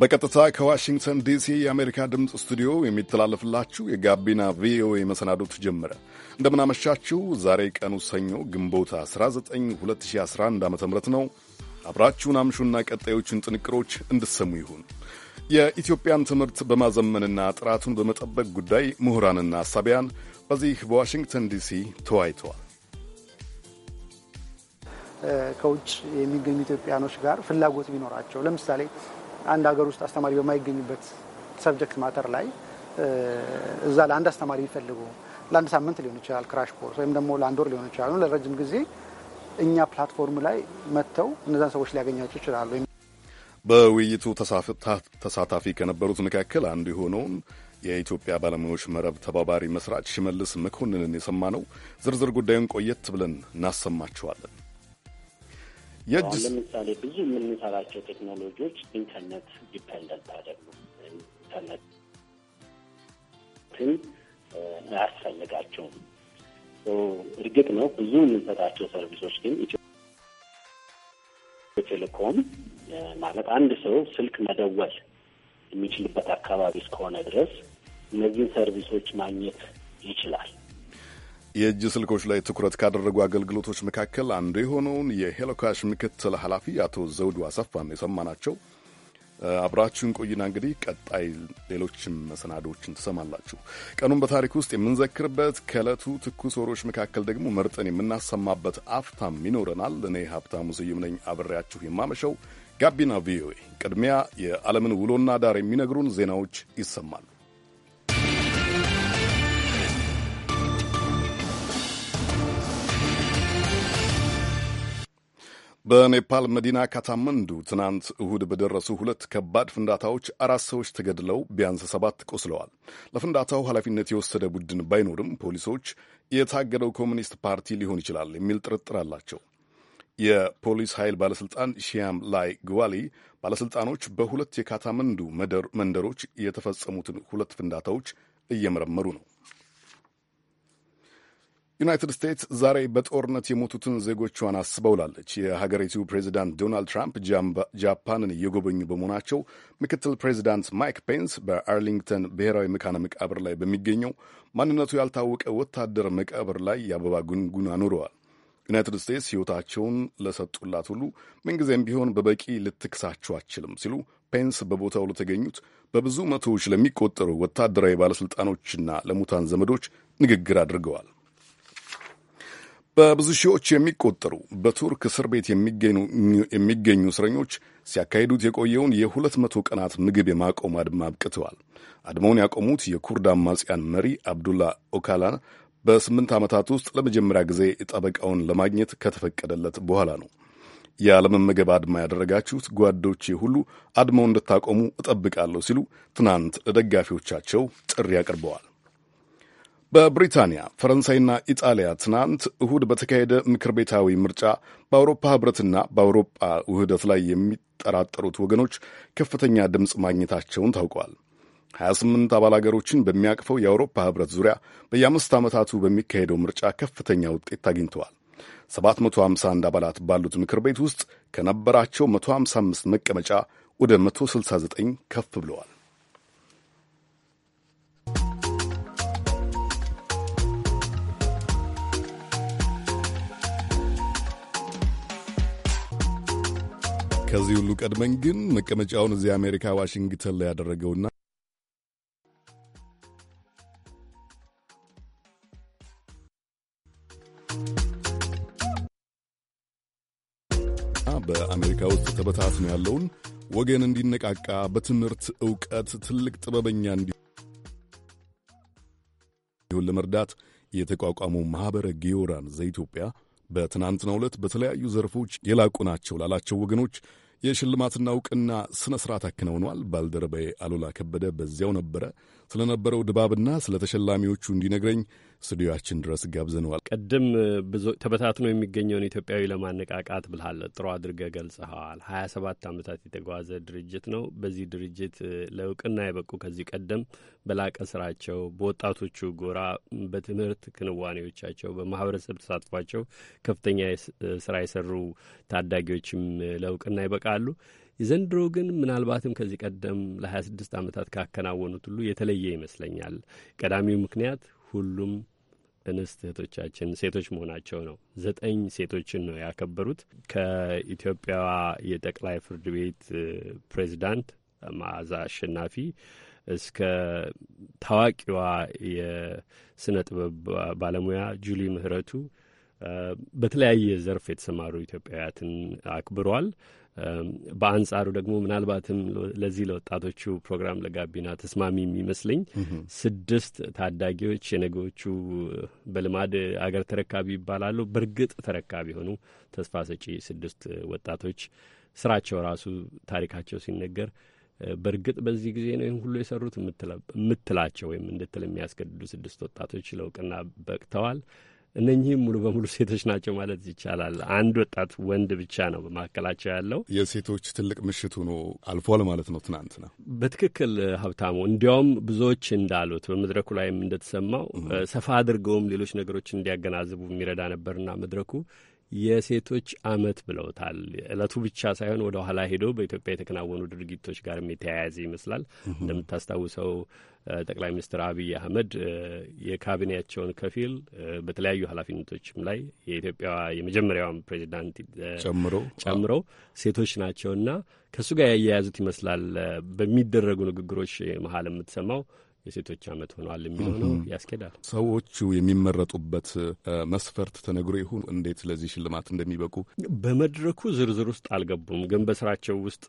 በቀጥታ ከዋሽንግተን ዲሲ የአሜሪካ ድምፅ ስቱዲዮ የሚተላለፍላችሁ የጋቢና ቪኦኤ መሰናዶት ጀመረ እንደምናመሻችሁ። ዛሬ ቀኑ ሰኞ ግንቦት 19 2011 ዓ ም ነው። አብራችሁን አምሹና ቀጣዮቹን ጥንቅሮች እንድትሰሙ ይሁን። የኢትዮጵያን ትምህርት በማዘመንና ጥራቱን በመጠበቅ ጉዳይ ምሁራንና አሳቢያን በዚህ በዋሽንግተን ዲሲ ተወያይተዋል። ከውጭ የሚገኙ ኢትዮጵያኖች ጋር ፍላጎት ቢኖራቸው ለምሳሌ አንድ ሀገር ውስጥ አስተማሪ በማይገኝበት ሰብጀክት ማተር ላይ እዛ ለአንድ አስተማሪ ይፈልጉ ለአንድ ሳምንት ሊሆን ይችላል ክራሽ ኮርስ ወይም ደግሞ ለአንድ ወር ሊሆን ይችላል ለረጅም ጊዜ እኛ ፕላትፎርም ላይ መጥተው እነዛን ሰዎች ሊያገኛቸው ይችላሉ። በውይይቱ ተሳታፊ ከነበሩት መካከል አንዱ የሆነውን የኢትዮጵያ ባለሙያዎች መረብ ተባባሪ መስራች ሽመልስ መኮንንን የሰማ ነው። ዝርዝር ጉዳዩን ቆየት ብለን እናሰማችኋለን። ለምሳሌ ብዙ የምንሰራቸው ቴክኖሎጂዎች ኢንተርኔት ዲፐንደንት አይደሉም። ኢንተርኔትን አያስፈልጋቸውም። እርግጥ ነው ብዙ የምንሰጣቸው ሰርቪሶች ግን ቴሌኮም ማለት አንድ ሰው ስልክ መደወል የሚችልበት አካባቢ እስከሆነ ድረስ እነዚህን ሰርቪሶች ማግኘት ይችላል። የእጅ ስልኮች ላይ ትኩረት ካደረጉ አገልግሎቶች መካከል አንዱ የሆነውን የሄሎካሽ ምክትል ኃላፊ አቶ ዘውዱ አሰፋን የሰማናቸው። አብራችሁን ቆይና እንግዲህ ቀጣይ ሌሎችም መሰናዶዎችን ትሰማላችሁ። ቀኑን በታሪክ ውስጥ የምንዘክርበት ከዕለቱ ትኩስ ወሮች መካከል ደግሞ መርጠን የምናሰማበት አፍታም ይኖረናል። እኔ ሀብታሙ ስዩም ነኝ አብሬያችሁ የማመሸው ጋቢና ቪኦኤ። ቅድሚያ የዓለምን ውሎና ዳር የሚነግሩን ዜናዎች ይሰማል። በኔፓል መዲና ካታመንዱ ትናንት እሁድ በደረሱ ሁለት ከባድ ፍንዳታዎች አራት ሰዎች ተገድለው ቢያንስ ሰባት ቆስለዋል። ለፍንዳታው ኃላፊነት የወሰደ ቡድን ባይኖርም ፖሊሶች የታገደው ኮሚኒስት ፓርቲ ሊሆን ይችላል የሚል ጥርጥር አላቸው። የፖሊስ ኃይል ባለሥልጣን ሺያም ላይ ግዋሊ ባለሥልጣኖች በሁለት የካታመንዱ መንደሮች የተፈጸሙትን ሁለት ፍንዳታዎች እየመረመሩ ነው። ዩናይትድ ስቴትስ ዛሬ በጦርነት የሞቱትን ዜጎቿን አስበውላለች። የሀገሪቱ ፕሬዚዳንት ዶናልድ ትራምፕ ጃፓንን እየጎበኙ በመሆናቸው ምክትል ፕሬዚዳንት ማይክ ፔንስ በአርሊንግተን ብሔራዊ መካነ መቃብር ላይ በሚገኘው ማንነቱ ያልታወቀ ወታደር መቃብር ላይ የአበባ ጉንጉን አኑረዋል። ዩናይትድ ስቴትስ ሕይወታቸውን ለሰጡላት ሁሉ ምንጊዜም ቢሆን በበቂ ልትክሳችሁ አችልም ሲሉ ፔንስ በቦታው ለተገኙት በብዙ መቶዎች ለሚቆጠሩ ወታደራዊ ባለሥልጣኖችና ለሙታን ዘመዶች ንግግር አድርገዋል። በብዙ ሺዎች የሚቆጠሩ በቱርክ እስር ቤት የሚገኙ እስረኞች ሲያካሂዱት የቆየውን የሁለት መቶ ቀናት ምግብ የማቆም አድማ አብቅተዋል። አድማውን ያቆሙት የኩርድ አማጽያን መሪ አብዱላ ኦካላን በስምንት ዓመታት ውስጥ ለመጀመሪያ ጊዜ ጠበቃውን ለማግኘት ከተፈቀደለት በኋላ ነው። ያለመመገብ አድማ ያደረጋችሁት ጓዶቼ ሁሉ አድማው እንድታቆሙ እጠብቃለሁ ሲሉ ትናንት ለደጋፊዎቻቸው ጥሪ አቅርበዋል። በብሪታንያ ፈረንሳይና ኢጣሊያ ትናንት እሁድ በተካሄደ ምክር ቤታዊ ምርጫ በአውሮፓ ህብረትና በአውሮፓ ውህደት ላይ የሚጠራጠሩት ወገኖች ከፍተኛ ድምፅ ማግኘታቸውን ታውቋል። 28 አባል አገሮችን በሚያቅፈው የአውሮፓ ህብረት ዙሪያ በየአምስት ዓመታቱ በሚካሄደው ምርጫ ከፍተኛ ውጤት አግኝተዋል። 751 አባላት ባሉት ምክር ቤት ውስጥ ከነበራቸው 155 መቀመጫ ወደ 169 ከፍ ብለዋል። ከዚህ ሁሉ ቀድመን ግን መቀመጫውን እዚህ አሜሪካ ዋሽንግተን ላይ ያደረገውና በአሜሪካ ውስጥ ተበታትኖ ያለውን ወገን እንዲነቃቃ በትምህርት ዕውቀት ትልቅ ጥበበኛ እንዲሁን ለመርዳት የተቋቋሙ ማኅበረ ጌዮራን ዘኢትዮጵያ በትናንትናው ዕለት በተለያዩ ዘርፎች የላቁ ናቸው ላላቸው ወገኖች የሽልማትና እውቅና ስነ ስርዓት አከናውኗል። ባልደረባዬ አሉላ ከበደ በዚያው ነበረ። ስለነበረው ድባብና ስለ ተሸላሚዎቹ እንዲነግረኝ ስቱዲዮአችን ድረስ ጋብዘነዋል። ቀድም ብዙ ተበታትኖ የሚገኘውን ኢትዮጵያዊ ለማነቃቃት ብልሃል ጥሩ አድርገ ገልጸኸዋል። ሀያ ሰባት ዓመታት የተጓዘ ድርጅት ነው። በዚህ ድርጅት ለእውቅና የበቁ ከዚህ ቀደም በላቀ ስራቸው፣ በወጣቶቹ ጎራ፣ በትምህርት ክንዋኔዎቻቸው፣ በማህበረሰብ ተሳትፏቸው ከፍተኛ ስራ የሰሩ ታዳጊዎችም ለእውቅና ይበቃሉ። የዘንድሮ ግን ምናልባትም ከዚህ ቀደም ለ26 ዓመታት ካከናወኑት ሁሉ የተለየ ይመስለኛል። ቀዳሚው ምክንያት ሁሉም እንስት እህቶቻችን ሴቶች መሆናቸው ነው። ዘጠኝ ሴቶችን ነው ያከበሩት። ከኢትዮጵያ የጠቅላይ ፍርድ ቤት ፕሬዚዳንት መዓዛ አሸናፊ እስከ ታዋቂዋ የስነ ጥበብ ባለሙያ ጁሊ ምህረቱ በተለያየ ዘርፍ የተሰማሩ ኢትዮጵያውያትን አክብሯል። በአንጻሩ ደግሞ ምናልባትም ለዚህ ለወጣቶቹ ፕሮግራም ለጋቢና ተስማሚ የሚመስለኝ ስድስት ታዳጊዎች የነገዎቹ በልማድ አገር ተረካቢ ይባላሉ። በእርግጥ ተረካቢ የሆኑ ተስፋ ሰጪ ስድስት ወጣቶች ስራቸው ራሱ ታሪካቸው ሲነገር በእርግጥ በዚህ ጊዜ ነው ይህን ሁሉ የሰሩት የምትላቸው ወይም እንድትል የሚያስገድዱ ስድስት ወጣቶች ለእውቅና በቅተዋል። እነኚህም ሙሉ በሙሉ ሴቶች ናቸው ማለት ይቻላል። አንድ ወጣት ወንድ ብቻ ነው በመካከላቸው ያለው። የሴቶች ትልቅ ምሽት ሆኖ አልፏል ማለት ነው ትናንትና። በትክክል ሀብታሙ፣ እንዲያውም ብዙዎች እንዳሉት በመድረኩ ላይም እንደተሰማው ሰፋ አድርገውም ሌሎች ነገሮች እንዲያገናዝቡ የሚረዳ ነበርና መድረኩ የሴቶች አመት ብለውታል። እለቱ ብቻ ሳይሆን ወደ ኋላ ሄዶ በኢትዮጵያ የተከናወኑ ድርጊቶች ጋርም የተያያዘ ይመስላል። እንደምታስታውሰው ጠቅላይ ሚኒስትር አብይ አህመድ የካቢኔያቸውን ከፊል በተለያዩ ኃላፊነቶችም ላይ የኢትዮጵያ የመጀመሪያውን ፕሬዚዳንት ጨምሮ ጨምሮ ሴቶች ናቸውና ከእሱ ጋር ያያያዙት ይመስላል በሚደረጉ ንግግሮች መሀል የምትሰማው የሴቶች ዓመት ሆኗል የሚለው ነው ያስኬዳል። ሰዎቹ የሚመረጡበት መስፈርት ተነግሮ ይሁን እንዴት ለዚህ ሽልማት እንደሚበቁ በመድረኩ ዝርዝር ውስጥ አልገቡም፣ ግን በስራቸው ውስጥ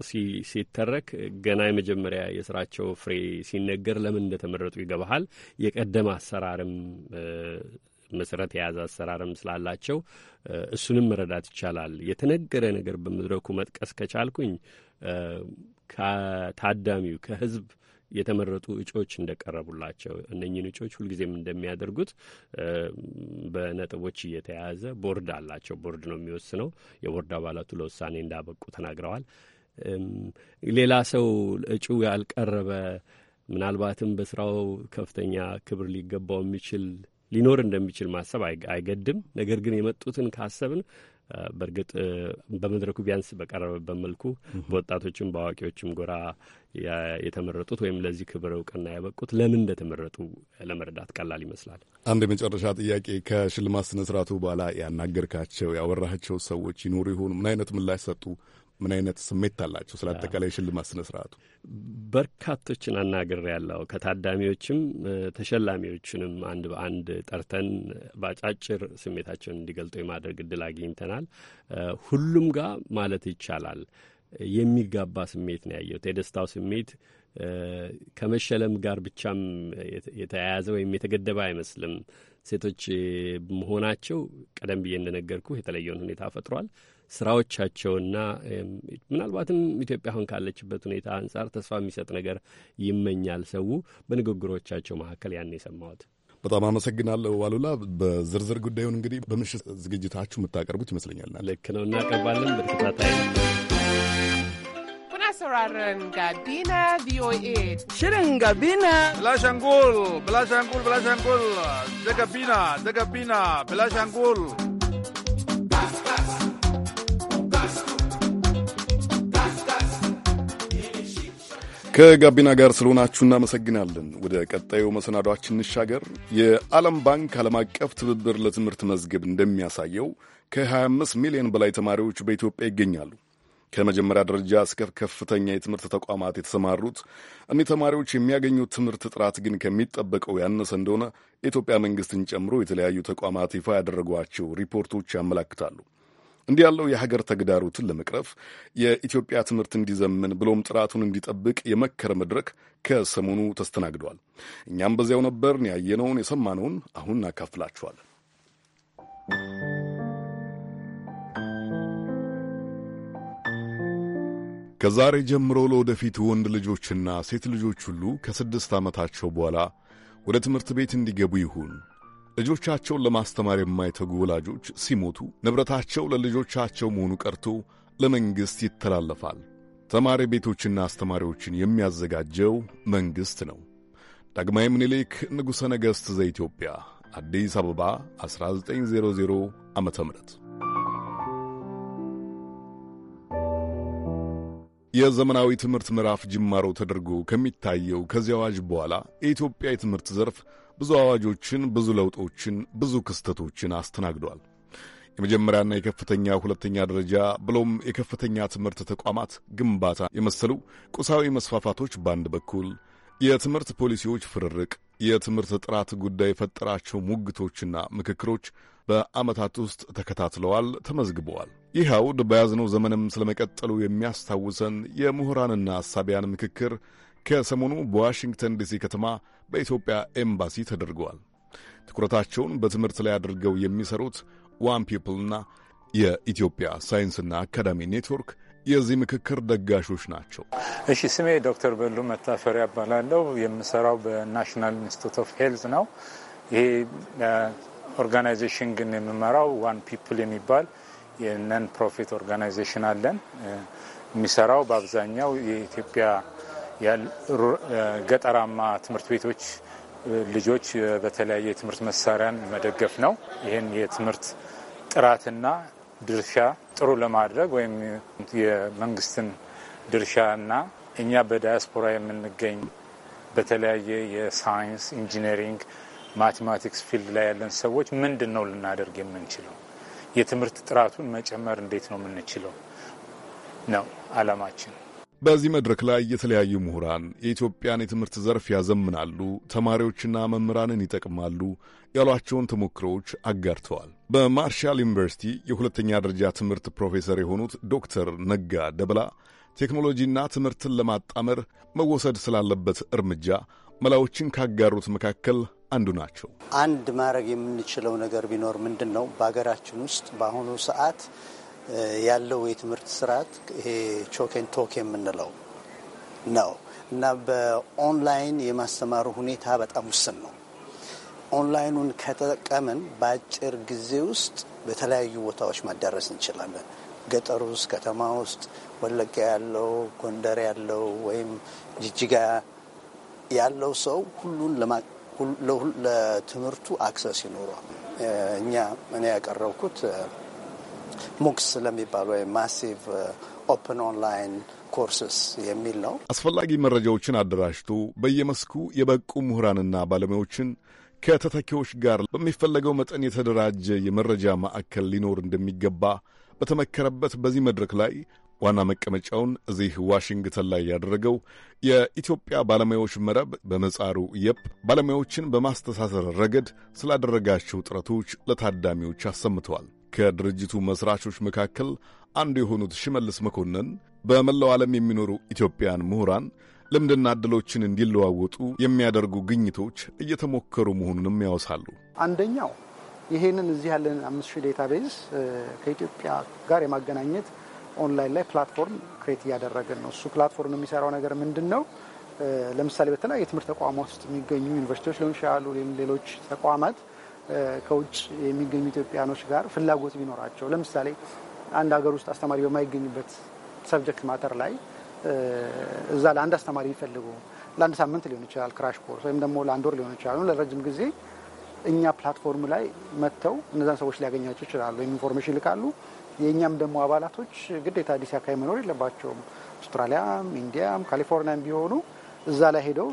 ሲተረክ ገና የመጀመሪያ የስራቸው ፍሬ ሲነገር ለምን እንደተመረጡ ይገባሃል። የቀደመ አሰራርም መሰረት የያዘ አሰራርም ስላላቸው እሱንም መረዳት ይቻላል። የተነገረ ነገር በመድረኩ መጥቀስ ከቻልኩኝ ከታዳሚው ከህዝብ የተመረጡ እጩዎች እንደቀረቡላቸው እነኝን እጩዎች ሁልጊዜም እንደሚያደርጉት በነጥቦች እየተያያዘ ቦርድ አላቸው። ቦርድ ነው የሚወስነው። የቦርድ አባላቱ ለውሳኔ እንዳበቁ ተናግረዋል። ሌላ ሰው እጩ ያልቀረበ ምናልባትም በስራው ከፍተኛ ክብር ሊገባው የሚችል ሊኖር እንደሚችል ማሰብ አይገድም። ነገር ግን የመጡትን ካሰብን በእርግጥ በመድረኩ ቢያንስ በቀረበበት መልኩ በወጣቶችም በአዋቂዎችም ጎራ የተመረጡት ወይም ለዚህ ክብር እውቅና ያበቁት ለምን እንደተመረጡ ለመረዳት ቀላል ይመስላል። አንድ የመጨረሻ ጥያቄ፣ ከሽልማት ስነ ስርዓቱ በኋላ ያናገርካቸው ያወራሃቸው ሰዎች ይኖሩ ይሆኑ ምን አይነት ምላሽ ሰጡ? ምን አይነት ስሜት አላቸው? ስለ አጠቃላይ ሽልማት ስነ ስርዓቱ በርካቶችን አናግር ያለው ከታዳሚዎችም ተሸላሚዎችንም አንድ በአንድ ጠርተን በአጫጭር ስሜታቸውን እንዲገልጡ የማድረግ እድል አግኝተናል። ሁሉም ጋር ማለት ይቻላል የሚጋባ ስሜት ነው ያየሁት። የደስታው ስሜት ከመሸለም ጋር ብቻም የተያያዘ ወይም የተገደበ አይመስልም። ሴቶች መሆናቸው ቀደም ብዬ እንደነገርኩ የተለየውን ሁኔታ ፈጥሯል። ስራዎቻቸውና ምናልባትም ኢትዮጵያ አሁን ካለችበት ሁኔታ አንጻር ተስፋ የሚሰጥ ነገር ይመኛል ሰው በንግግሮቻቸው መካከል ያን የሰማሁት። በጣም አመሰግናለሁ አሉላ። በዝርዝር ጉዳዩን እንግዲህ በምሽት ዝግጅታችሁ የምታቀርቡት ይመስለኛል። ልክ ነው፣ እናቀርባለን በተከታታይ sauraron ከጋቢና ጋር ስለሆናችሁ እናመሰግናለን። ወደ ቀጣዩ መሰናዷችን እንሻገር። የዓለም ባንክ ዓለም አቀፍ ትብብር ለትምህርት መዝገብ እንደሚያሳየው ከ25 ሚሊዮን በላይ ተማሪዎች በኢትዮጵያ ይገኛሉ። ከመጀመሪያ ደረጃ እስከ ከፍተኛ የትምህርት ተቋማት የተሰማሩት እኒህ ተማሪዎች የሚያገኙት ትምህርት ጥራት ግን ከሚጠበቀው ያነሰ እንደሆነ የኢትዮጵያ መንግሥትን ጨምሮ የተለያዩ ተቋማት ይፋ ያደረጓቸው ሪፖርቶች ያመላክታሉ። እንዲህ ያለው የሀገር ተግዳሮትን ለመቅረፍ የኢትዮጵያ ትምህርት እንዲዘምን ብሎም ጥራቱን እንዲጠብቅ የመከረ መድረክ ከሰሞኑ ተስተናግደዋል። እኛም በዚያው ነበርን። ያየነውን የሰማነውን አሁን እናካፍላችኋል። ከዛሬ ጀምሮ ለወደፊት ወንድ ልጆችና ሴት ልጆች ሁሉ ከስድስት ዓመታቸው በኋላ ወደ ትምህርት ቤት እንዲገቡ ይሁን ልጆቻቸውን ለማስተማር የማይተጉ ወላጆች ሲሞቱ ንብረታቸው ለልጆቻቸው መሆኑ ቀርቶ ለመንግሥት ይተላለፋል። ተማሪ ቤቶችና አስተማሪዎችን የሚያዘጋጀው መንግሥት ነው። ዳግማዊ ምኒልክ ንጉሠ ነገሥት ዘኢትዮጵያ አዲስ አበባ 1900 ዓ ም የዘመናዊ ትምህርት ምዕራፍ ጅማሮ ተደርጎ ከሚታየው ከዚህ አዋጅ በኋላ የኢትዮጵያ የትምህርት ዘርፍ ብዙ አዋጆችን፣ ብዙ ለውጦችን፣ ብዙ ክስተቶችን አስተናግደዋል። የመጀመሪያና የከፍተኛ ሁለተኛ ደረጃ ብሎም የከፍተኛ ትምህርት ተቋማት ግንባታ የመሰሉ ቁሳዊ መስፋፋቶች በአንድ በኩል፣ የትምህርት ፖሊሲዎች ፍርርቅ፣ የትምህርት ጥራት ጉዳይ የፈጠራቸው ሙግቶችና ምክክሮች በዓመታት ውስጥ ተከታትለዋል፣ ተመዝግበዋል። ይህ አውድ በያዝነው ዘመንም ስለመቀጠሉ የሚያስታውሰን የምሁራንና አሳቢያን ምክክር ከሰሞኑ በዋሽንግተን ዲሲ ከተማ በኢትዮጵያ ኤምባሲ ተደርገዋል። ትኩረታቸውን በትምህርት ላይ አድርገው የሚሰሩት ዋን ፒፕልና የኢትዮጵያ ሳይንስና አካዳሚ ኔትወርክ የዚህ ምክክር ደጋሾች ናቸው። እሺ፣ ስሜ ዶክተር በሉ መታፈሪያ እባላለሁ። የምሰራው በናሽናል ኢንስቲትዩት ኦፍ ሄልዝ ነው። ይሄ ኦርጋናይዜሽን ግን የምመራው ዋን ፒፕል የሚባል የነን ፕሮፊት ኦርጋናይዜሽን አለን። የሚሰራው በአብዛኛው የኢትዮጵያ ገጠራማ ትምህርት ቤቶች ልጆች በተለያየ የትምህርት መሳሪያን መደገፍ ነው። ይህን የትምህርት ጥራትና ድርሻ ጥሩ ለማድረግ ወይም የመንግስትን ድርሻና እኛ በዳያስፖራ የምንገኝ በተለያየ የሳይንስ ኢንጂነሪንግ፣ ማቴማቲክስ ፊልድ ላይ ያለን ሰዎች ምንድን ነው ልናደርግ የምንችለው? የትምህርት ጥራቱን መጨመር እንዴት ነው የምንችለው? ነው አላማችን። በዚህ መድረክ ላይ የተለያዩ ምሁራን የኢትዮጵያን የትምህርት ዘርፍ ያዘምናሉ፣ ተማሪዎችና መምህራንን ይጠቅማሉ ያሏቸውን ተሞክሮዎች አጋርተዋል። በማርሻል ዩኒቨርሲቲ የሁለተኛ ደረጃ ትምህርት ፕሮፌሰር የሆኑት ዶክተር ነጋ ደብላ ቴክኖሎጂና ትምህርትን ለማጣመር መወሰድ ስላለበት እርምጃ መላዎችን ካጋሩት መካከል አንዱ ናቸው። አንድ ማድረግ የምንችለው ነገር ቢኖር ምንድን ነው? በሀገራችን ውስጥ በአሁኑ ሰዓት ያለው የትምህርት ስርዓት ይሄ ቾኬን ቶክ የምንለው ነው እና በኦንላይን የማስተማሩ ሁኔታ በጣም ውስን ነው። ኦንላይኑን ከተጠቀምን በአጭር ጊዜ ውስጥ በተለያዩ ቦታዎች ማዳረስ እንችላለን። ገጠር ውስጥ፣ ከተማ ውስጥ፣ ወለጋ ያለው፣ ጎንደር ያለው ወይም ጅጅጋ ያለው ሰው ሁሉን ለትምህርቱ አክሰስ ይኖረዋል። እኛ እኔ ያቀረብኩት ሙክስ ለሚባል ወይም ማሲቭ ኦፕን ኦንላይን ኮርስስ የሚል ነው። አስፈላጊ መረጃዎችን አደራጅቶ በየመስኩ የበቁ ምሁራንና ባለሙያዎችን ከተተኪዎች ጋር በሚፈለገው መጠን የተደራጀ የመረጃ ማዕከል ሊኖር እንደሚገባ በተመከረበት በዚህ መድረክ ላይ ዋና መቀመጫውን እዚህ ዋሽንግተን ላይ ያደረገው የኢትዮጵያ ባለሙያዎች መረብ በመጻሩ የፕ ባለሙያዎችን በማስተሳሰር ረገድ ስላደረጋቸው ጥረቶች ለታዳሚዎች አሰምተዋል። ከድርጅቱ መስራቾች መካከል አንዱ የሆኑት ሽመልስ መኮንን በመላው ዓለም የሚኖሩ ኢትዮጵያን ምሁራን ልምድና ዕድሎችን እንዲለዋወጡ የሚያደርጉ ግኝቶች እየተሞከሩ መሆኑንም ያወሳሉ። አንደኛው ይሄንን እዚህ ያለን አምስት ሺህ ዴታቤዝ ከኢትዮጵያ ጋር የማገናኘት ኦንላይን ላይ ፕላትፎርም ክሬት እያደረግን ነው። እሱ ፕላትፎርም የሚሰራው ነገር ምንድን ነው? ለምሳሌ በተለያየ የትምህርት ተቋማት ውስጥ የሚገኙ ዩኒቨርሲቲዎች ሊሆን ይችላሉ፣ ሌሎች ተቋማት ከውጭ የሚገኙ ኢትዮጵያኖች ጋር ፍላጎት ቢኖራቸው ለምሳሌ አንድ ሀገር ውስጥ አስተማሪ በማይገኝበት ሰብጀክት ማተር ላይ እዛ ለአንድ አስተማሪ ቢፈልጉ ለአንድ ሳምንት ሊሆን ይችላል ክራሽ ኮርስ ወይም ደግሞ ለአንድ ወር ሊሆን ይችላል። ለረጅም ጊዜ እኛ ፕላትፎርም ላይ መጥተው እነዛን ሰዎች ሊያገኛቸው ይችላሉ። ወይም ኢንፎርሜሽን ይልካሉ። የእኛም ደግሞ አባላቶች ግዴታ አዲስ አካባቢ መኖር የለባቸውም። አውስትራሊያም፣ ኢንዲያም፣ ካሊፎርኒያም ቢሆኑ እዛ ላይ ሄደው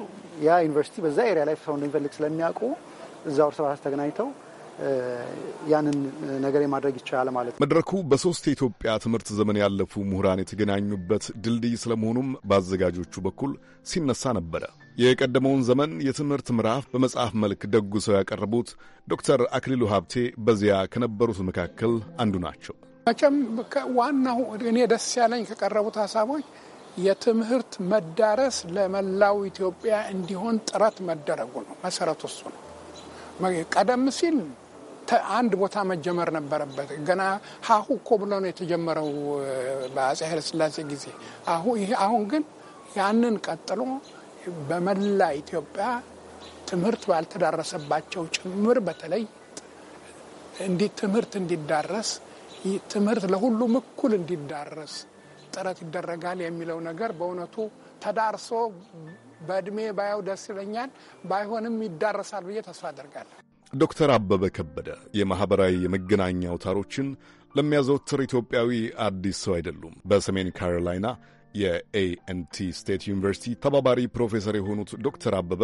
ያ ዩኒቨርሲቲ በዛ ኤሪያ ላይ ሰው እንደሚፈልግ ስለሚያውቁ እዛው እርስ በርስ ተገናኝተው ያንን ነገር የማድረግ ይቻላል ማለት ነው። መድረኩ በሶስት የኢትዮጵያ ትምህርት ዘመን ያለፉ ምሁራን የተገናኙበት ድልድይ ስለመሆኑም በአዘጋጆቹ በኩል ሲነሳ ነበረ። የቀደመውን ዘመን የትምህርት ምዕራፍ በመጽሐፍ መልክ ደጉ ሰው ያቀረቡት ዶክተር አክሊሉ ሀብቴ በዚያ ከነበሩት መካከል አንዱ ናቸው። መቼም ዋናው እኔ ደስ ያለኝ ከቀረቡት ሀሳቦች የትምህርት መዳረስ ለመላው ኢትዮጵያ እንዲሆን ጥረት መደረጉ ነው። መሰረቱ እሱ ነው። ቀደም ሲል አንድ ቦታ መጀመር ነበረበት። ገና ሀሁ እኮ ብሎ ነው የተጀመረው በአጼ ኃይለስላሴ ጊዜ ይሄ አሁን ግን ያንን ቀጥሎ በመላ ኢትዮጵያ ትምህርት ባልተዳረሰባቸው ጭምር በተለይ እንዲ ትምህርት እንዲዳረስ ትምህርት ለሁሉም እኩል እንዲዳረስ ጥረት ይደረጋል የሚለው ነገር በእውነቱ ተዳርሶ በእድሜ ባየው ደስ ይለኛል። ባይሆንም ይዳረሳል ብዬ ተስፋ አደርጋለሁ። ዶክተር አበበ ከበደ የማኅበራዊ የመገናኛ አውታሮችን ለሚያዘወትር ኢትዮጵያዊ አዲስ ሰው አይደሉም። በሰሜን ካሮላይና የኤኤንቲ ስቴት ዩኒቨርሲቲ ተባባሪ ፕሮፌሰር የሆኑት ዶክተር አበበ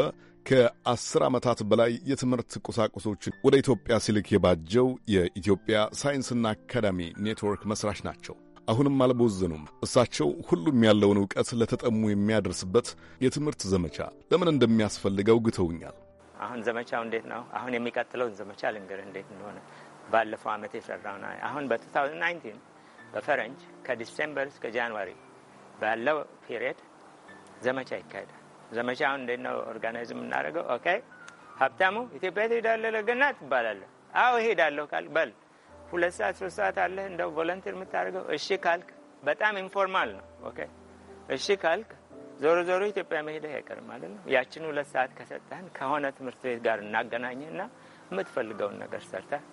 ከአስር ዓመታት በላይ የትምህርት ቁሳቁሶችን ወደ ኢትዮጵያ ሲልክ የባጀው የኢትዮጵያ ሳይንስና አካዳሚ ኔትወርክ መስራች ናቸው። አሁንም አልቦዘኑም። እሳቸው ሁሉም ያለውን እውቀት ለተጠሙ የሚያደርስበት የትምህርት ዘመቻ ለምን እንደሚያስፈልገው ግተውኛል። አሁን ዘመቻው እንዴት ነው? አሁን የሚቀጥለውን ዘመቻ ልንገር እንዴት እንደሆነ ባለፈው ዓመት የሰራውን አሁን በ2019 በፈረንጅ ከዲሴምበር እስከ ጃንዋሪ ባለው ፒሪየድ ዘመቻ ይካሄዳል። ዘመቻውን እንዴት ነው ኦርጋናይዝም እናደርገው? ኦኬ ሀብታሙ ኢትዮጵያ ትሄዳለህ ለገና ትባላለህ። አዎ እሄዳለሁ ካል በል ሁለት ሰዓት ሶስት ሰዓት አለህ እንደው ቮለንቲር የምታደርገው እሺ ካልክ በጣም ኢንፎርማል ነው። ኦኬ እሺ ካልክ ዞሮ ዞሮ ኢትዮጵያ መሄደ አይቀርም ማለት ነው። ያችን ሁለት ሰዓት ከሰጠህን ከሆነ ትምህርት ቤት ጋር እናገናኝህና የምትፈልገውን ነገር ሰርተህ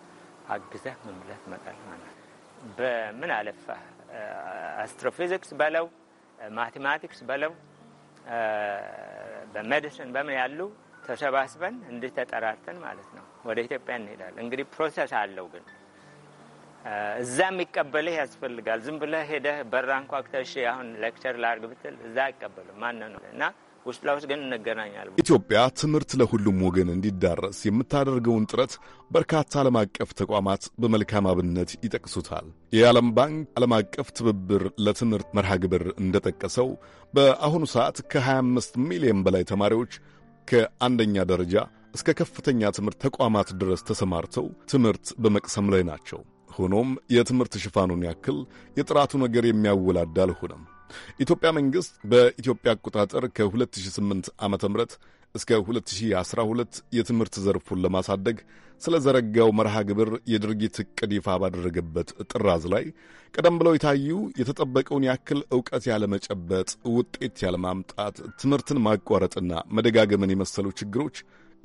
አግዘህ መምለት መጣል ማለት ነው። በምን አለፋ አስትሮፊዚክስ በለው ማቴማቲክስ በለው በሜዲሲን በምን ያሉ ተሰባስበን እንዲህ ተጠራርተን ማለት ነው ወደ ኢትዮጵያ እንሄዳለን። እንግዲህ ፕሮሰስ አለው ግን እዛ የሚቀበልህ ያስፈልጋል። ዝም ብለህ ሄደህ እንኳ ክተሽ አሁን ሌክቸር ላርግ ብትል እዛ አይቀበልም ማን ነው እና ውስጥ ለውስጥ ግን እንገናኛለን። ኢትዮጵያ ትምህርት ለሁሉም ወገን እንዲዳረስ የምታደርገውን ጥረት በርካታ ዓለም አቀፍ ተቋማት በመልካም አብነት ይጠቅሱታል። የዓለም ባንክ ዓለም አቀፍ ትብብር ለትምህርት መርሃ ግብር እንደጠቀሰው በአሁኑ ሰዓት ከ25 ሚሊዮን በላይ ተማሪዎች ከአንደኛ ደረጃ እስከ ከፍተኛ ትምህርት ተቋማት ድረስ ተሰማርተው ትምህርት በመቅሰም ላይ ናቸው። ሆኖም የትምህርት ሽፋኑን ያክል የጥራቱ ነገር የሚያወላድ አልሆነም። ኢትዮጵያ መንግሥት በኢትዮጵያ አቆጣጠር ከ2008 ዓ ም እስከ 2012 የትምህርት ዘርፉን ለማሳደግ ስለ ዘረጋው መርሃ ግብር የድርጊት ዕቅድ ይፋ ባደረገበት ጥራዝ ላይ ቀደም ብለው የታዩ የተጠበቀውን ያክል ዕውቀት ያለመጨበጥ፣ ውጤት ያለማምጣት፣ ትምህርትን ማቋረጥና መደጋገምን የመሰሉ ችግሮች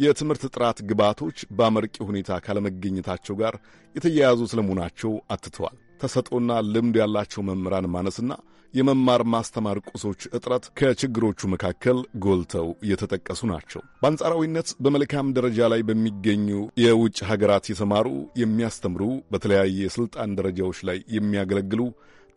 የትምህርት ጥራት ግብዓቶች በአመርቂ ሁኔታ ካለመገኘታቸው ጋር የተያያዙ ስለመሆናቸው አትተዋል። ተሰጦና ልምድ ያላቸው መምህራን ማነስና የመማር ማስተማር ቁሶች እጥረት ከችግሮቹ መካከል ጎልተው የተጠቀሱ ናቸው። በአንጻራዊነት በመልካም ደረጃ ላይ በሚገኙ የውጭ ሀገራት የተማሩ የሚያስተምሩ፣ በተለያየ የሥልጣን ደረጃዎች ላይ የሚያገለግሉ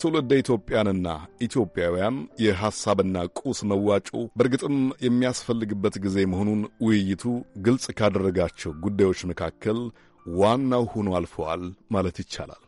ትውልደ ኢትዮጵያንና ኢትዮጵያውያን የሐሳብና ቁስ መዋጮ በእርግጥም የሚያስፈልግበት ጊዜ መሆኑን ውይይቱ ግልጽ ካደረጋቸው ጉዳዮች መካከል ዋናው ሆኖ አልፈዋል ማለት ይቻላል።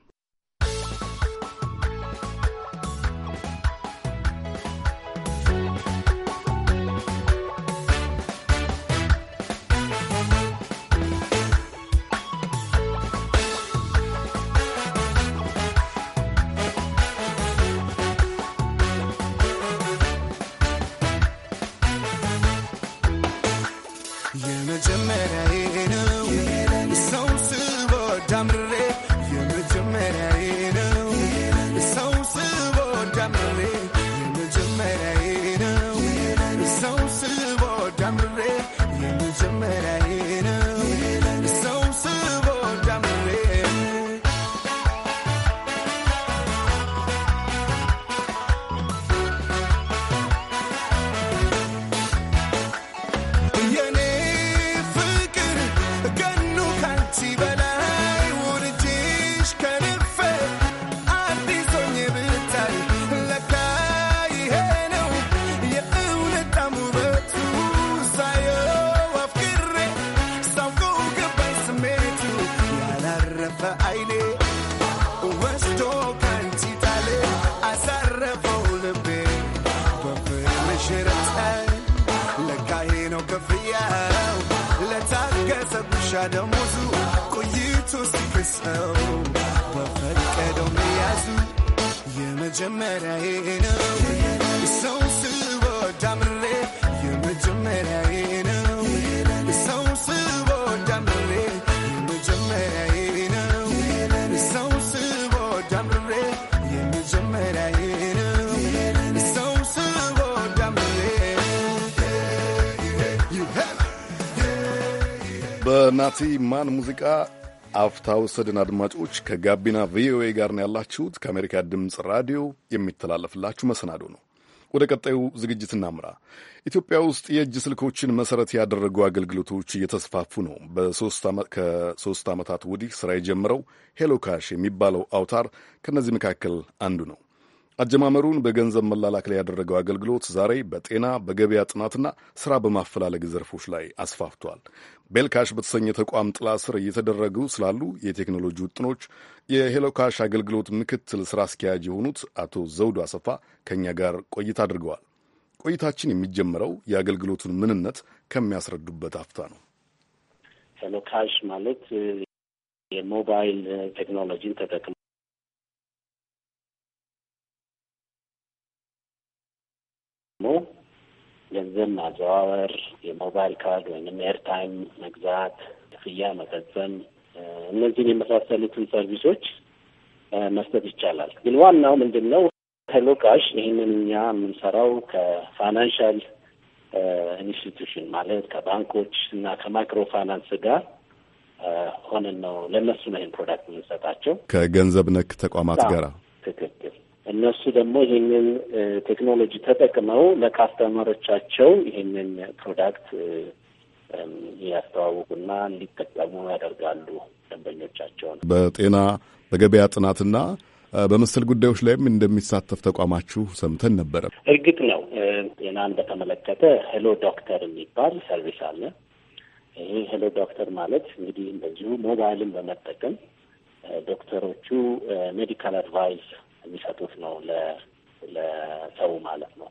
በናቲ ማን ሙዚቃ አፍታ ወሰድን። አድማጮች ከጋቢና ቪኦኤ ጋር ነው ያላችሁት። ከአሜሪካ ድምፅ ራዲዮ የሚተላለፍላችሁ መሰናዶ ነው። ወደ ቀጣዩ ዝግጅት እናምራ። ኢትዮጵያ ውስጥ የእጅ ስልኮችን መሰረት ያደረጉ አገልግሎቶች እየተስፋፉ ነው። ከሶስት ዓመታት ወዲህ ስራ የጀመረው ሄሎ ካሽ የሚባለው አውታር ከእነዚህ መካከል አንዱ ነው። አጀማመሩን በገንዘብ መላላክ ላይ ያደረገው አገልግሎት ዛሬ በጤና በገበያ ጥናትና ስራ በማፈላለግ ዘርፎች ላይ አስፋፍቷል። ቤልካሽ በተሰኘ ተቋም ጥላ ስር እየተደረጉ ስላሉ የቴክኖሎጂ ውጥኖች የሄሎካሽ አገልግሎት ምክትል ስራ አስኪያጅ የሆኑት አቶ ዘውዱ አሰፋ ከእኛ ጋር ቆይታ አድርገዋል። ቆይታችን የሚጀምረው የአገልግሎቱን ምንነት ከሚያስረዱበት አፍታ ነው። ሄሎካሽ ማለት የሞባይል ቴክኖሎጂን ተጠቅሞ ገንዘብ ማዘዋወር፣ የሞባይል ካርድ ወይም ኤርታይም መግዛት፣ ክፍያ መፈጸም፣ እነዚህን የመሳሰሉትን ሰርቪሶች መስጠት ይቻላል። ግን ዋናው ምንድን ነው ከሎካሽ ይህንን እኛ የምንሰራው ከፋይናንሻል ኢንስቲቱሽን ማለት ከባንኮች እና ከማይክሮ ፋይናንስ ጋር ሆነን ነው ለእነሱ ነው ይህን ፕሮዳክት የምንሰጣቸው ከገንዘብ ነክ ተቋማት ጋር ትክክል እነሱ ደግሞ ይህንን ቴክኖሎጂ ተጠቅመው ለካስተመሮቻቸው ይህንን ፕሮዳክት ያስተዋውቁና እንዲጠቀሙ ያደርጋሉ ደንበኞቻቸውን። በጤና በገበያ ጥናትና በመሰል ጉዳዮች ላይም እንደሚሳተፍ ተቋማችሁ ሰምተን ነበረ። እርግጥ ነው ጤናን በተመለከተ ሄሎ ዶክተር የሚባል ሰርቪስ አለ። ይሄ ሄሎ ዶክተር ማለት እንግዲህ እንደዚሁ ሞባይልን በመጠቀም ዶክተሮቹ ሜዲካል አድቫይስ የሚሰጡት ነው ለሰው ማለት ነው።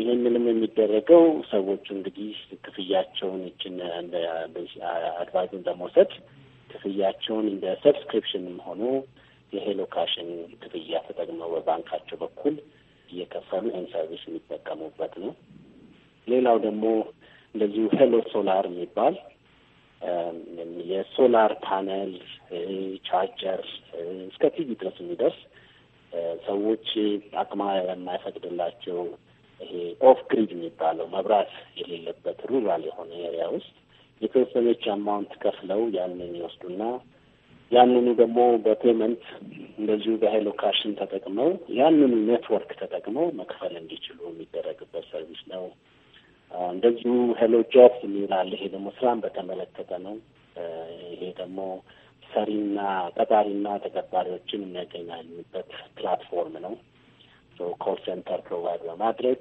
ይህንንም የሚደረገው ሰዎቹ እንግዲህ ክፍያቸውን ይችን አድቫይዝ እንደመውሰድ ክፍያቸውን እንደ ሰብስክሪፕሽንም ሆኖ ይሄ ሎካሽን ክፍያ ተጠቅመው በባንካቸው በኩል እየከፈሉ ይህን ሰርቪስ የሚጠቀሙበት ነው። ሌላው ደግሞ እንደዚሁ ሄሎ ሶላር የሚባል የሶላር ፓነል ቻርጀር እስከ ቲቪ ድረስ የሚደርስ ሰዎች አቅማ የማይፈቅድላቸው ይሄ ኦፍ ግሪድ የሚባለው መብራት የሌለበት ሩራል የሆነ ኤሪያ ውስጥ የተወሰነች አማውንት ከፍለው ያንን ይወስዱና ያንኑ ደግሞ በፔመንት እንደዚሁ በሄሎ ካሽን ተጠቅመው ያንኑ ኔትወርክ ተጠቅመው መክፈል እንዲችሉ የሚደረግበት ሰርቪስ ነው። እንደዚሁ ሄሎ ጆብስ የሚላል ይሄ ደግሞ ስራን በተመለከተ ነው። ይሄ ደግሞ ሰሪና ቀጣሪና ተቀጣሪዎችን የሚያገናኙበት ፕላትፎርም ነው። ኮል ሴንተር ፕሮቫይድ በማድረግ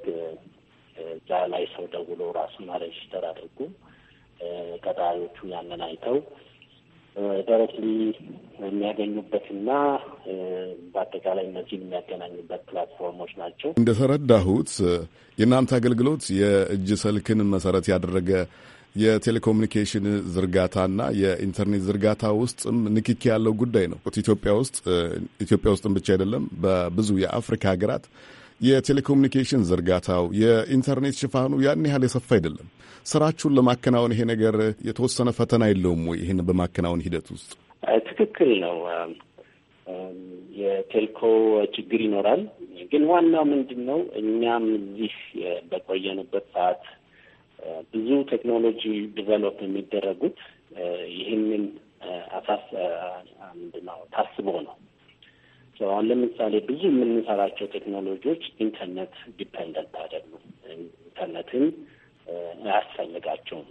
እዛ ላይ ሰው ደውሎ ራሱን ሬጅስተር አድርጉ ቀጣሪዎቹ ያንን አይተው ዳይሬክትሊ የሚያገኙበትና በአጠቃላይ እነዚህን የሚያገናኙበት ፕላትፎርሞች ናቸው። እንደተረዳሁት የእናንተ አገልግሎት የእጅ ስልክን መሰረት ያደረገ የቴሌኮሙኒኬሽን ዝርጋታና የኢንተርኔት ዝርጋታ ውስጥም ንክኪ ያለው ጉዳይ ነው። ኢትዮጵያ ውስጥ ኢትዮጵያ ውስጥም ብቻ አይደለም፣ በብዙ የአፍሪካ ሀገራት የቴሌኮሙኒኬሽን ዝርጋታው የኢንተርኔት ሽፋኑ ያን ያህል የሰፋ አይደለም። ስራችሁን ለማከናወን ይሄ ነገር የተወሰነ ፈተና የለውም ወይ? ይህን በማከናወን ሂደት ውስጥ ትክክል ነው። የቴልኮ ችግር ይኖራል። ግን ዋናው ምንድን ነው? እኛም እዚህ በቆየንበት ሰዓት ብዙ ቴክኖሎጂ ዲቨሎፕ የሚደረጉት ይህንን አሳስ ነው ታስቦ ነው። አሁን ለምሳሌ ብዙ የምንሰራቸው ቴክኖሎጂዎች ኢንተርኔት ዲፐንደንት አይደሉም፣ ኢንተርኔትን አያስፈልጋቸውም።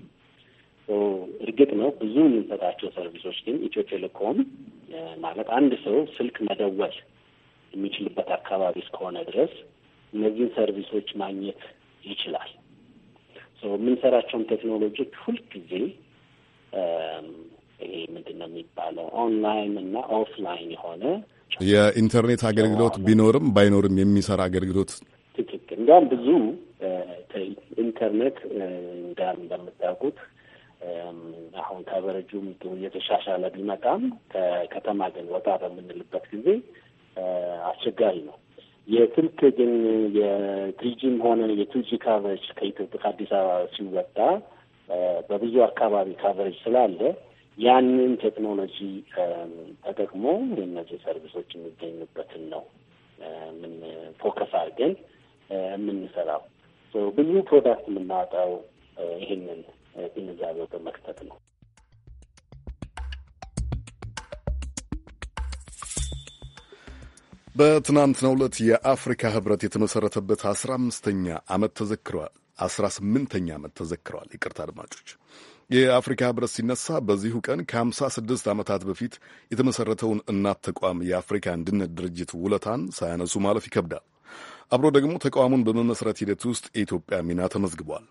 እርግጥ ነው ብዙ የምንሰጣቸው ሰርቪሶች ግን ኢትዮ ቴሌኮም ማለት አንድ ሰው ስልክ መደወል የሚችልበት አካባቢ እስከሆነ ድረስ እነዚህን ሰርቪሶች ማግኘት ይችላል። የምንሰራቸውን ቴክኖሎጂዎች ሁልጊዜ ይሄ ምንድን ነው የሚባለው ኦንላይን እና ኦፍላይን የሆነ የኢንተርኔት አገልግሎት ቢኖርም ባይኖርም የሚሰራ አገልግሎት ትክክል። እንዲያውም ብዙ ኢንተርኔት ጋር እንደምታውቁት አሁን ከቨረጁም እየተሻሻለ ቢመጣም ከከተማ ግን ወጣ በምንልበት ጊዜ አስቸጋሪ ነው። የስልክ ግን የትሪጂም ሆነ የቱጂ ካቨሬጅ ከኢትዮጵያ ከአዲስ አበባ ሲወጣ በብዙ አካባቢ ካቨሬጅ ስላለ ያንን ቴክኖሎጂ ተጠቅሞ እነዚህ ሰርቪሶች የሚገኙበትን ነው ምን ፎከስ አድርገን የምንሰራው ብዙ ፕሮዳክት የምናወጣው ይህንን ግንዛቤው በመክተት ነው። በትናንትናው ዕለት የአፍሪካ ህብረት የተመሠረተበት አስራ አምስተኛ ዓመት ተዘክረዋል። አስራ ስምንተኛ ዓመት ተዘክረዋል። ይቅርታ አድማጮች፣ የአፍሪካ ህብረት ሲነሳ በዚሁ ቀን ከ56 ዓመታት በፊት የተመሠረተውን እናት ተቋም የአፍሪካ አንድነት ድርጅት ውለታን ሳያነሱ ማለፍ ይከብዳል። አብሮ ደግሞ ተቋሙን በመመስረት ሂደት ውስጥ የኢትዮጵያ ሚና ተመዝግቧል።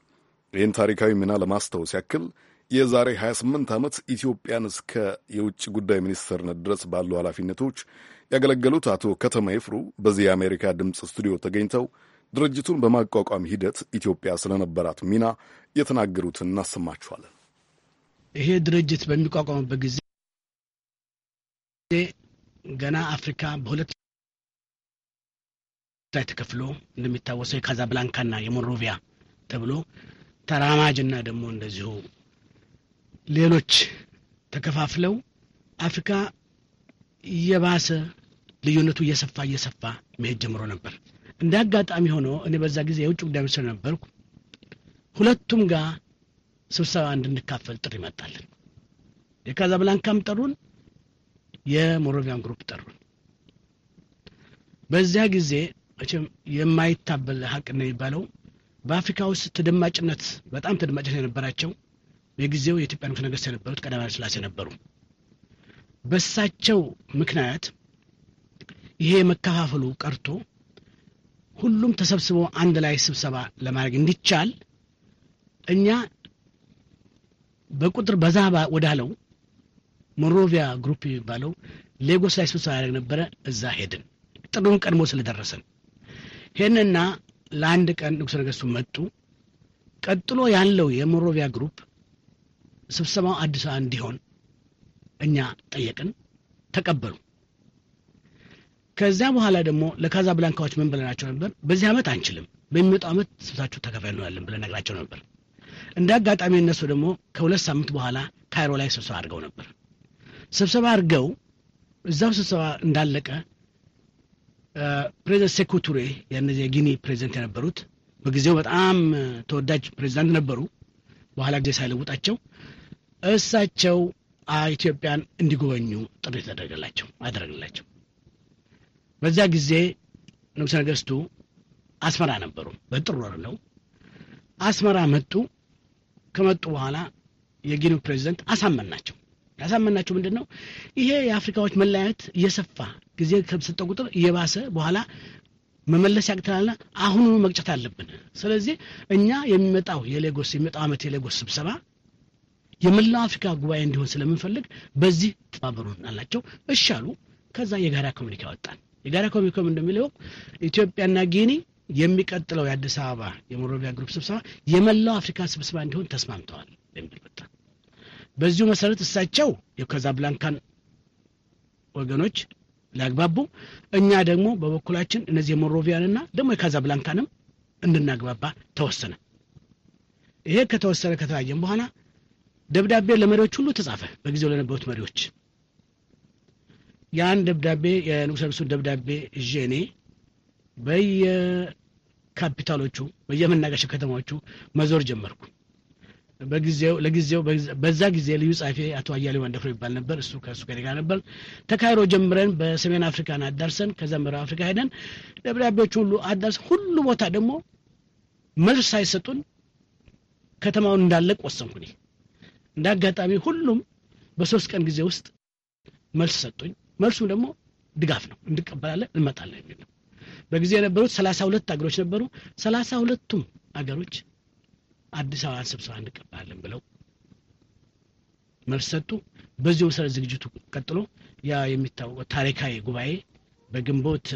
ይህን ታሪካዊ ሚና ለማስታወስ ያክል የዛሬ 28 ዓመት ኢትዮጵያን እስከ የውጭ ጉዳይ ሚኒስትርነት ድረስ ባሉ ኃላፊነቶች ያገለገሉት አቶ ከተማ ይፍሩ በዚህ የአሜሪካ ድምፅ ስቱዲዮ ተገኝተው ድርጅቱን በማቋቋም ሂደት ኢትዮጵያ ስለነበራት ሚና የተናገሩትን እናሰማችኋለን። ይሄ ድርጅት በሚቋቋምበት ጊዜ ገና አፍሪካ በሁለት ላይ ተከፍሎ እንደሚታወሰው የካዛብላንካና የሞንሮቪያ ተብሎ ተራማጅና ደግሞ እንደዚሁ ሌሎች ተከፋፍለው አፍሪካ እየባሰ ልዩነቱ እየሰፋ እየሰፋ መሄድ ጀምሮ ነበር። እንደ አጋጣሚ ሆኖ እኔ በዛ ጊዜ የውጭ ጉዳይ ሚኒስትር ነበርኩ። ሁለቱም ጋር ስብሰባ እንድንካፈል ጥሪ ይመጣልን። የካዛብላንካም ጠሩን፣ የሞሮቪያን ግሩፕ ጠሩን። በዚያ ጊዜ መቼም የማይታበል ሀቅ ነው የሚባለው በአፍሪካ ውስጥ ተደማጭነት በጣም ተደማጭነት የነበራቸው በጊዜው የኢትዮጵያ ንጉሠ ነገሥት የነበሩት ቀዳማዊ ኃይለ ሥላሴ ነበሩ። በሳቸው ምክንያት ይሄ መከፋፈሉ ቀርቶ ሁሉም ተሰብስቦ አንድ ላይ ስብሰባ ለማድረግ እንዲቻል እኛ በቁጥር በዛ ወዳለው ሞሮቪያ ግሩፕ የሚባለው ሌጎስ ላይ ስብሰባ ያደረግ ነበረ። እዛ ሄድን፣ ጥሩን ቀድሞ ስለደረሰን ሄንና ለአንድ ቀን ንጉሠ ነገሥቱ መጡ። ቀጥሎ ያለው የሞሮቪያ ግሩፕ ስብሰባው አዲስ አበባ እንዲሆን እኛ ጠየቅን፣ ተቀበሉ። ከዚያ በኋላ ደግሞ ለካዛ ብላንካዎች ምን ብለናቸው ነበር? በዚህ ዓመት አንችልም፣ በሚመጣው ዓመት ስብሳችሁ ተከፋይ እንሆናለን ብለን ነግራቸው ነበር። እንደ አጋጣሚ እነሱ ደግሞ ከሁለት ሳምንት በኋላ ካይሮ ላይ ስብሰባ አድርገው ነበር። ስብሰባ አድርገው እዛው ስብሰባ እንዳለቀ ፕሬዚደንት ሴኩቱሬ የእነዚህ የጊኒ ፕሬዚደንት የነበሩት በጊዜው በጣም ተወዳጅ ፕሬዚዳንት ነበሩ። በኋላ ጊዜ ሳይለውጣቸው እሳቸው ኢትዮጵያን እንዲጎበኙ ጥሪ ተደረገላቸው አደረግላቸው። በዚያ ጊዜ ንጉሠ ነገሥቱ አስመራ ነበሩ። በጥር ወር ነው አስመራ መጡ። ከመጡ በኋላ የጊኒው ፕሬዚደንት ያሳመን ናቸው ምንድን ነው? ይሄ የአፍሪካዎች መለያየት እየሰፋ ጊዜ ከሰጠ ቁጥር እየባሰ በኋላ መመለስ ያቅተናልና አሁኑ መቅጨት አለብን። ስለዚህ እኛ የሚመጣው የሌጎስ የሚመጣው ዓመት የሌጎስ ስብሰባ የመላው አፍሪካ ጉባኤ እንዲሆን ስለምንፈልግ በዚህ ተባበሩን አላቸው። እሺ አሉ። ከዛ የጋራ ኮሚኒካ ወጣን። የጋራ ኮሚኒካ እንደሚለው ኢትዮጵያና ጊኒ የሚቀጥለው የአዲስ አበባ የሞሮቪያ ግሩፕ ስብሰባ የመላው አፍሪካ ስብሰባ እንዲሆን ተስማምተዋል የሚል ወጣ። በዚሁ መሰረት እሳቸው የካዛብላንካን ወገኖች ላግባቡ፣ እኛ ደግሞ በበኩላችን እነዚህ የሞሮቪያንና ደግሞ የካዛብላንካንም እንድናግባባ ተወሰነ። ይሄ ከተወሰነ ከተለያየም በኋላ ደብዳቤ ለመሪዎች ሁሉ ተጻፈ፣ በጊዜው ለነበሩት መሪዎች። ያን ደብዳቤ የንጉሠ ደብዳቤ ይዤ እኔ በየካፒታሎቹ በየመናገሻ ከተማዎቹ መዞር ጀመርኩ። በጊዜው ለጊዜው በዛ ጊዜ ልዩ ጻፌ አቶ አያሌው ወንደፍሮ ይባል ነበር። እሱ ከእሱ ጋር ጋር ነበር። ተካይሮ ጀምረን በሰሜን አፍሪካን አዳርሰን ከዛ ምዕራብ አፍሪካ ሄደን ደብዳቤዎቹ ሁሉ አዳርሰን ሁሉ ቦታ ደግሞ መልስ ሳይሰጡን ከተማውን እንዳለቅ ወሰንኩ እኔ። እንደ አጋጣሚ ሁሉም በሶስት ቀን ጊዜ ውስጥ መልስ ሰጡኝ። መልሱ ደግሞ ድጋፍ ነው፣ እንቀበላለን እንመጣለን የሚል ነው። በጊዜ የነበሩት ሰላሳ ሁለት አገሮች ነበሩ። ሰላሳ ሁለቱም አገሮች አዲስ አበባን ስብሰባ እንቀበላለን ብለው መልስ ሰጡ። በዚሁ መሰረት ዝግጅቱ ቀጥሎ ያ የሚታወቀው ታሪካዊ ጉባኤ በግንቦት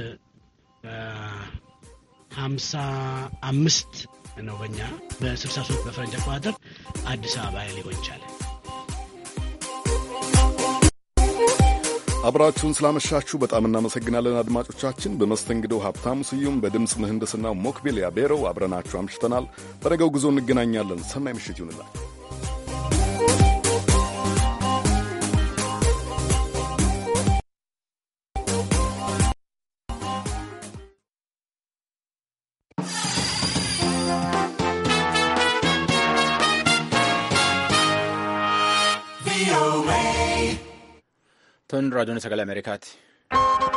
ሀምሳ አምስት ነው በእኛ በስልሳ ሶስት በፈረንጅ አቆጣጠር አዲስ አበባ ሊሆን ይቻላል። አብራችሁን ስላመሻችሁ በጣም እናመሰግናለን አድማጮቻችን። በመስተንግዶ ሀብታሙ ስዩም፣ በድምፅ ምህንድስና ሞክቢል ያቤረው አብረናችሁ አምሽተናል። በነገው ጉዞ እንገናኛለን። ሰናይ ምሽት ይሁንላችሁ። Toon raadiyoon sagalee Ameerikaati.